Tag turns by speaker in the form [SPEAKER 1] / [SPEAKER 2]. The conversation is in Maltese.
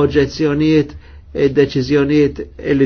[SPEAKER 1] oġezzjonijiet id eh, deċizjonijiet li